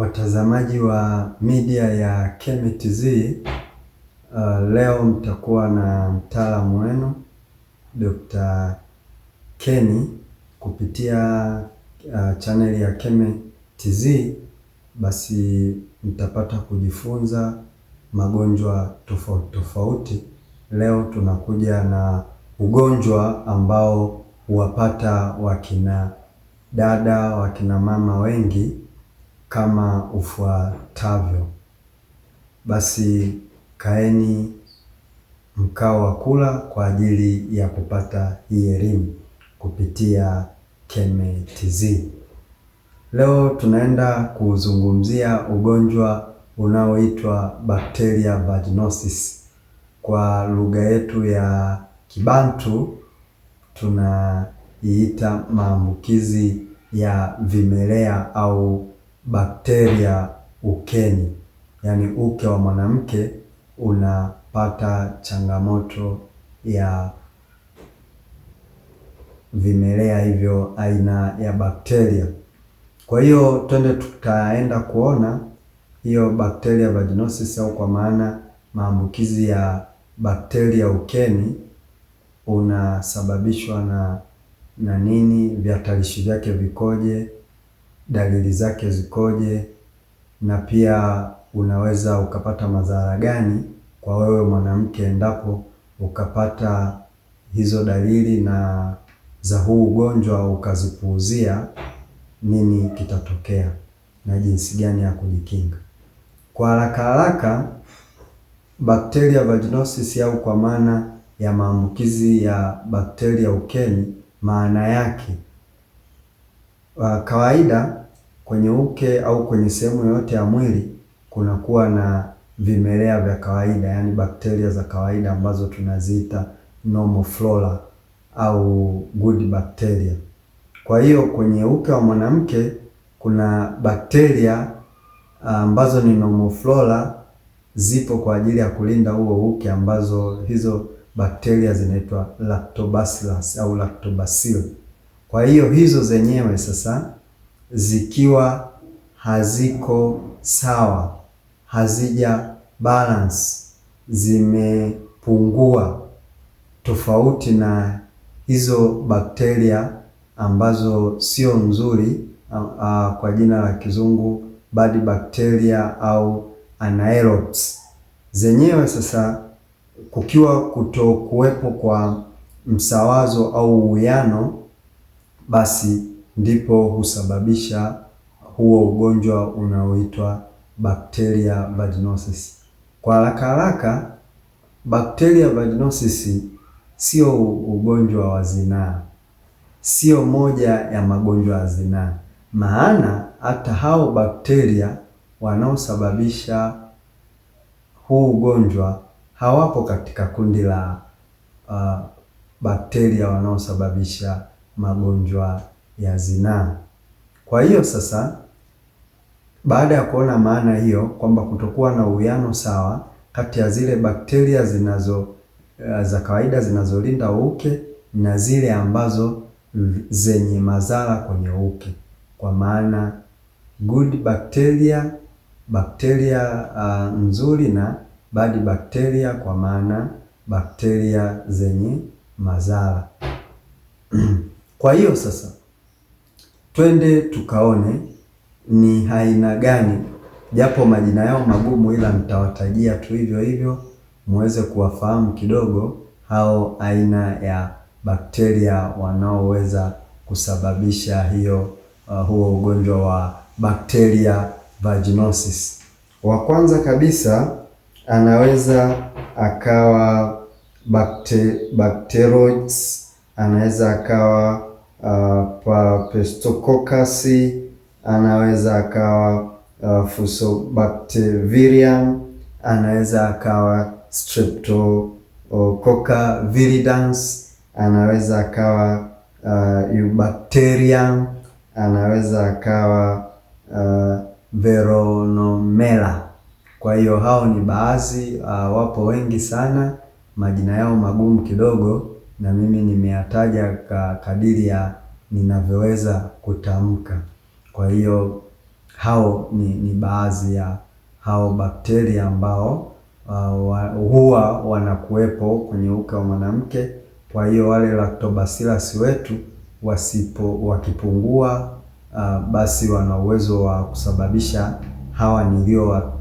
watazamaji wa media ya Kemi Uh, leo mtakuwa na mtaalamu wenu Dr. Kenny kupitia uh, chaneli ya Kemi basi mtapata kujifunza magonjwa tofauti tofauti. Leo tunakuja na ugonjwa ambao huwapata wakina dada wakina mama wengi kama ufuatavyo: basi kaeni mkao wa kula kwa ajili ya kupata hii elimu kupitia KEMETZ. Leo tunaenda kuzungumzia ugonjwa unaoitwa Bacteria vaginosis, kwa lugha yetu ya Kibantu tunaiita maambukizi ya vimelea au bakteria ukeni, yaani uke wa mwanamke unapata changamoto ya vimelea hivyo aina ya bakteria. Kwa hiyo twende tutaenda kuona hiyo bakteria vaginosis au kwa maana maambukizi ya bakteria ukeni unasababishwa na na nini, vihatarishi vyake vikoje, dalili zake zikoje, na pia unaweza ukapata madhara gani kwa wewe mwanamke endapo ukapata hizo dalili na za huu ugonjwa ukazipuuzia, nini kitatokea na jinsi gani ya kujikinga. Kwa haraka haraka, bakteria vaginosis au kwa maana ya maambukizi ya bakteria ukeni, maana yake uh, kawaida kwenye uke au kwenye sehemu yoyote ya mwili kunakuwa na vimelea vya kawaida, yaani bakteria za kawaida ambazo tunaziita normal flora au good bacteria. Kwa hiyo kwenye uke wa mwanamke kuna bakteria ah, ambazo ni normal flora zipo kwa ajili ya kulinda huo uke, ambazo hizo bakteria zinaitwa lactobacillus au lactobacillus. Kwa hiyo hizo zenyewe sasa zikiwa haziko sawa, hazija balance, zimepungua, tofauti na hizo bakteria ambazo sio nzuri a, a, kwa jina la kizungu bad bacteria au anaerobes zenyewe. Sasa kukiwa kuto kuwepo kwa msawazo au uwiano, basi ndipo husababisha huo ugonjwa unaoitwa bacteria vaginosis. Kwa haraka haraka, bacteria vaginosis sio ugonjwa wa zinaa, sio moja ya magonjwa ya zinaa, maana hata hao bakteria wanaosababisha huu ugonjwa hawapo katika kundi la uh, bakteria wanaosababisha magonjwa ya zinaa. Kwa hiyo sasa, baada ya kuona maana hiyo kwamba kutokuwa na uwiano sawa kati ya zile bakteria zinazo eh, za kawaida zinazolinda uke na zile ambazo zenye madhara kwenye uke, kwa maana good bacteria bakteria uh, ah, nzuri na bad bacteria, kwa maana bakteria zenye madhara. Kwa hiyo sasa twende tukaone ni aina gani, japo majina yao magumu, ila mtawatajia tu hivyo hivyo muweze kuwafahamu kidogo hao aina ya bakteria wanaoweza kusababisha hiyo uh, huo ugonjwa wa bakteria vaginosis. Wa kwanza kabisa anaweza akawa bakte, anaweza akawa uh, Papestococcus, anaweza akawa uh, Fusobacterium, anaweza akawa Streptococcus viridans, anaweza akawa uh, Eubacterium, anaweza akawa uh, Veronomela. Kwa hiyo hao ni baadhi uh, wapo wengi sana, majina yao magumu kidogo na mimi nimeyataja kadiri ya ninavyoweza kutamka. Kwa hiyo hao ni, ni baadhi ya hao bakteria ambao uh, wa, huwa wanakuwepo kwenye uke wa mwanamke. Kwa hiyo wale lactobacillus wetu wasipo wakipungua, uh, basi wana uwezo wa kusababisha hawa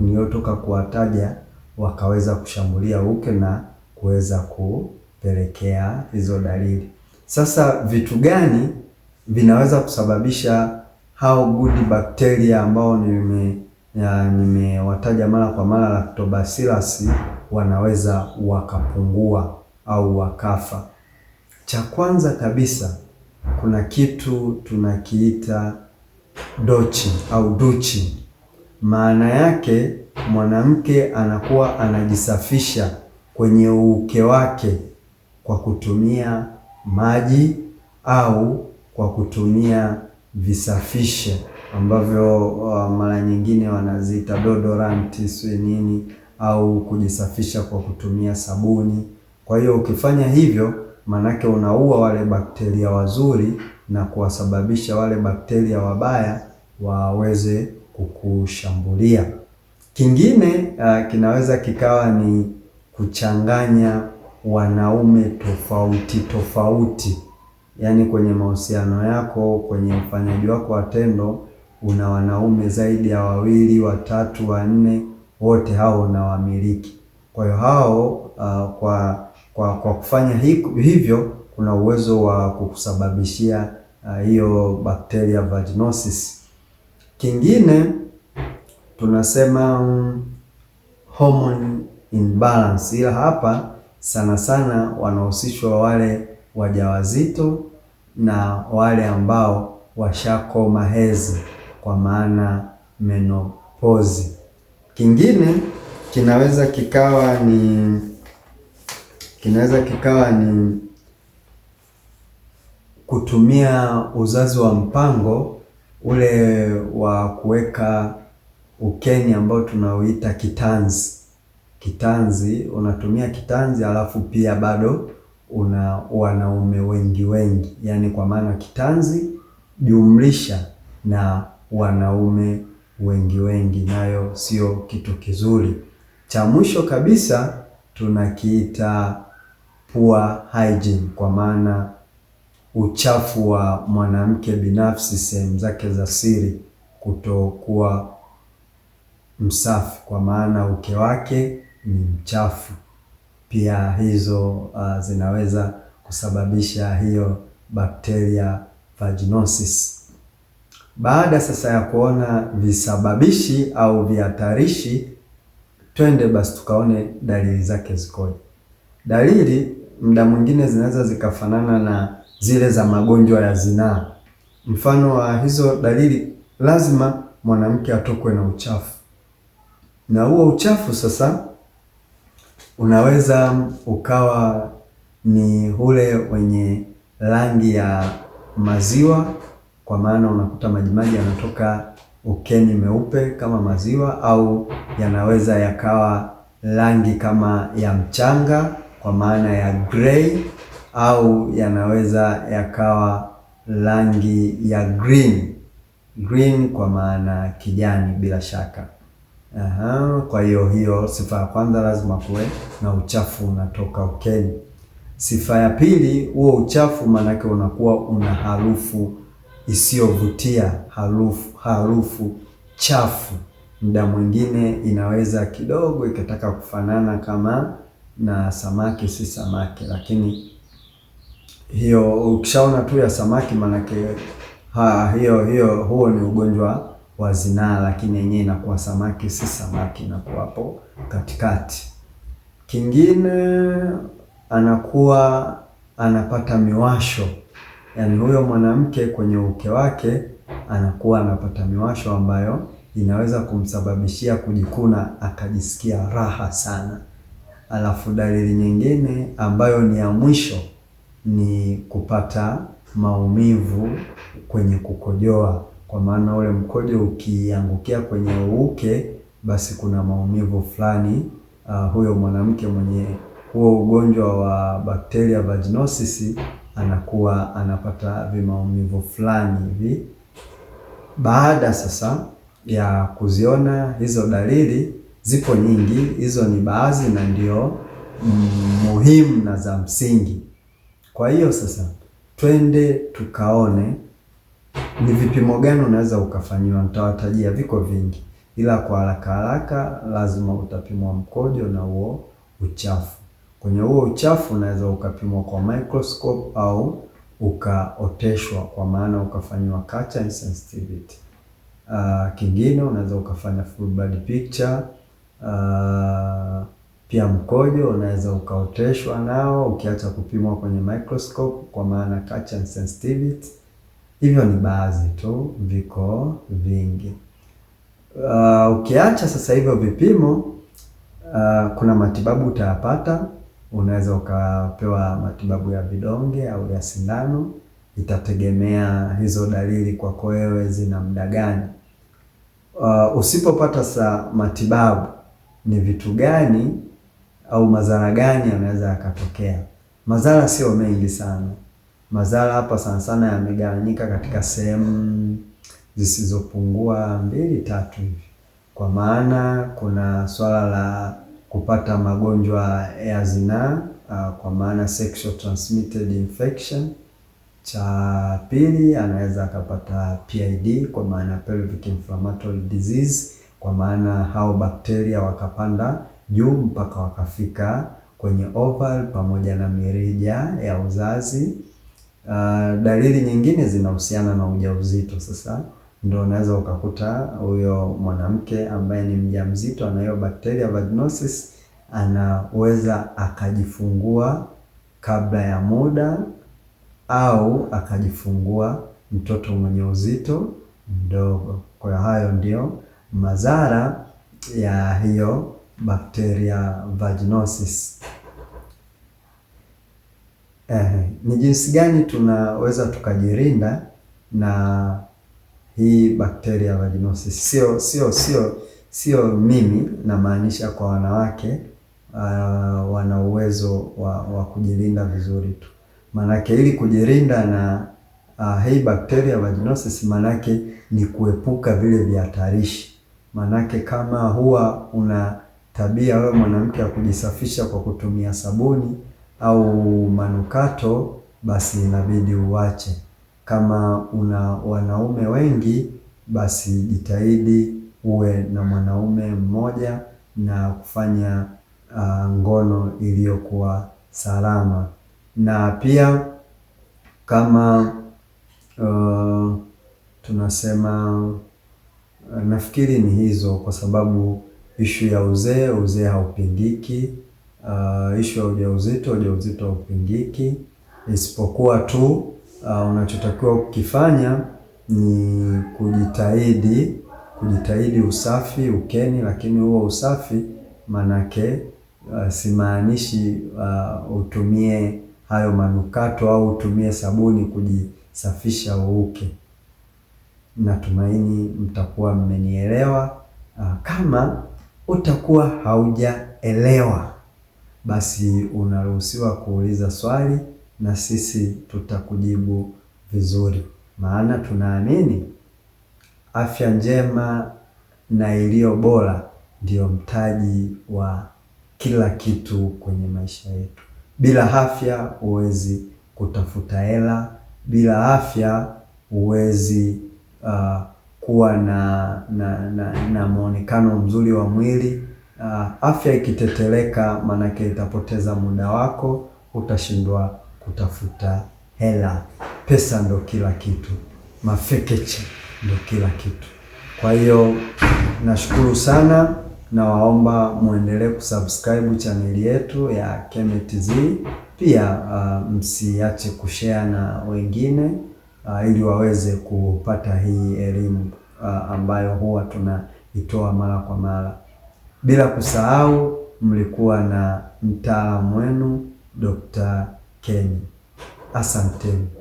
niliotoka kuwataja wakaweza kushambulia uke na kuweza ku kupelekea hizo dalili. Sasa vitu gani vinaweza kusababisha hao good bacteria ambao nimewataja nime mara kwa mara lactobacillus wanaweza wakapungua au wakafa? Cha kwanza kabisa kuna kitu tunakiita dochi au duchi. Maana yake mwanamke anakuwa anajisafisha kwenye uuke wake kwa kutumia maji au kwa kutumia visafisha ambavyo uh, mara nyingine wanaziita deodorant sio nini au kujisafisha kwa kutumia sabuni. Kwa hiyo ukifanya hivyo, maanake unaua wale bakteria wazuri na kuwasababisha wale bakteria wabaya waweze kukushambulia. Kingine uh, kinaweza kikawa ni kuchanganya wanaume tofauti tofauti, yaani kwenye mahusiano yako, kwenye ufanyaji wako wa tendo una wanaume zaidi ya wawili, watatu, wanne, wote hao unawamiliki. Kwa hiyo hao uh, kwa, kwa kwa kufanya hivyo kuna uwezo wa kukusababishia uh, hiyo uh, bacteria vaginosis. Kingine tunasema um, hormone imbalance, ila hapa sana sana wanahusishwa wale wajawazito na wale ambao washakoma hedhi, kwa maana menopozi. Kingine kinaweza kikawa ni kinaweza kikawa ni kutumia uzazi wa mpango ule wa kuweka ukeni ambao tunauita kitanzi kitanzi, unatumia kitanzi alafu pia bado una wanaume wengi wengi, yaani kwa maana kitanzi jumlisha na wanaume wengi wengi, nayo sio kitu kizuri. Cha mwisho kabisa tunakiita poor hygiene, kwa maana uchafu wa mwanamke binafsi, sehemu zake za siri, kutokuwa msafi, kwa maana uke wake ni mchafu. Pia hizo uh, zinaweza kusababisha hiyo bakteria vaginosis. Baada sasa ya kuona visababishi au vihatarishi, twende basi tukaone dalili zake zikoje. Dalili muda mwingine zinaweza zikafanana na zile za magonjwa ya zinaa. Mfano wa hizo dalili, lazima mwanamke atokwe na uchafu, na huo uchafu sasa unaweza ukawa ni ule wenye rangi ya maziwa, kwa maana unakuta majimaji yanatoka ukeni meupe kama maziwa, au yanaweza yakawa rangi kama ya mchanga, kwa maana ya grey, au yanaweza yakawa rangi ya green green, kwa maana kijani bila shaka. Aha, kwa hiyo hiyo sifa ya kwanza lazima kuwe na uchafu unatoka ukeni. Sifa ya pili, huo uchafu maanake unakuwa una harufu isiyovutia, harufu harufu chafu. Muda mwingine inaweza kidogo ikataka kufanana kama na samaki, si samaki, lakini hiyo ukishaona tu ya samaki maanake ha, hiyo hiyo, huo ni ugonjwa wa zinaa, lakini yenyewe inakuwa samaki si samaki, inakuwa hapo katikati. Kingine anakuwa anapata miwasho, yaani huyo mwanamke kwenye uke wake anakuwa anapata miwasho ambayo inaweza kumsababishia kujikuna akajisikia raha sana. Alafu dalili nyingine ambayo ni ya mwisho ni kupata maumivu kwenye kukojoa kwa maana ule mkojo ukiangukia kwenye uke, basi kuna maumivu fulani uh, huyo mwanamke mwenye huo ugonjwa wa bakteria vaginosis anakuwa anapata vimaumivu fulani hivi. Baada sasa ya kuziona hizo dalili, zipo nyingi, hizo ni baadhi na ndio muhimu na za msingi. Kwa hiyo sasa twende tukaone ni vipimo gani unaweza ukafanyiwa? Nitawatajia, viko vingi, ila kwa haraka haraka, lazima utapimwa mkojo na huo uchafu. Kwenye huo uchafu unaweza ukapimwa kwa microscope au ukaoteshwa, kwa maana ukafanyiwa culture insensitivity. Uh, ah, kingine unaweza ukafanya full body picture. Uh, pia mkojo unaweza ukaoteshwa nao ukiacha kupimwa kwenye microscope, kwa maana culture insensitivity. Hivyo ni baadhi tu, viko vingi. Uh, ukiacha sasa hivyo vipimo uh, kuna matibabu utayapata. Unaweza ukapewa matibabu ya vidonge au ya sindano, itategemea hizo dalili kwako wewe zina muda gani. Uh, usipopata sa matibabu, ni vitu gani au madhara gani yanaweza yakatokea? Madhara sio mengi sana. Madhara hapa sana sana yamegawanyika katika sehemu zisizopungua mbili tatu hivi, kwa maana kuna swala la kupata magonjwa ya zinaa uh, kwa maana sexual transmitted infection. Cha pili anaweza akapata PID kwa maana pelvic inflammatory disease, kwa maana hao bakteria wakapanda juu mpaka wakafika kwenye oval pamoja na mirija ya uzazi Uh, dalili nyingine zinahusiana na ujauzito. Sasa ndio unaweza ukakuta huyo mwanamke ambaye ni mjamzito anayo bacteria vaginosis anaweza akajifungua kabla ya muda au akajifungua mtoto mwenye uzito mdogo. Kwa hiyo hayo ndio madhara ya hiyo bakteria vaginosis. Eh, ni jinsi gani tunaweza tukajirinda na hii bakteria vaginosis? Sio sio sio sio mimi namaanisha kwa wanawake uh, wana uwezo wa, wa kujilinda vizuri tu, maanake ili kujilinda na uh, hii bakteria vaginosis maanake ni kuepuka vile vihatarishi, maanake kama huwa una tabia wewe mwanamke ya kujisafisha kwa kutumia sabuni au manukato, basi inabidi uache. Kama una wanaume wengi, basi jitahidi uwe na mwanaume mmoja na kufanya uh, ngono iliyokuwa salama. Na pia kama uh, tunasema nafikiri ni hizo, kwa sababu ishu ya uzee, uzee haupindiki uh, ishu ya ujauzito. Ujauzito haupingiki, isipokuwa tu uh, unachotakiwa kukifanya ni kujitahidi kujitahidi usafi ukeni, lakini huo usafi manake uh, simaanishi uh, utumie hayo manukato au utumie sabuni kujisafisha uuke. Natumaini mtakuwa mmenielewa. Uh, kama utakuwa haujaelewa basi unaruhusiwa kuuliza swali na sisi tutakujibu vizuri, maana tunaamini afya njema na iliyo bora ndiyo mtaji wa kila kitu kwenye maisha yetu. Bila afya huwezi kutafuta hela, bila afya huwezi uh, kuwa na, na, na, na mwonekano mzuri wa mwili, uh, afya ikiteteleka maanake itapoteza muda wako, utashindwa kutafuta hela. Pesa ndo kila kitu, mafekeche ndo kila kitu. Kwa hiyo nashukuru sana, nawaomba muendelee kusubscribe chaneli yetu ya Kemetz, pia uh, msiache kushare na wengine uh, ili waweze kupata hii elimu uh, ambayo huwa tunaitoa mara kwa mara. Bila kusahau mlikuwa na mtaalamu wenu Dr. Kenny. Asanteni.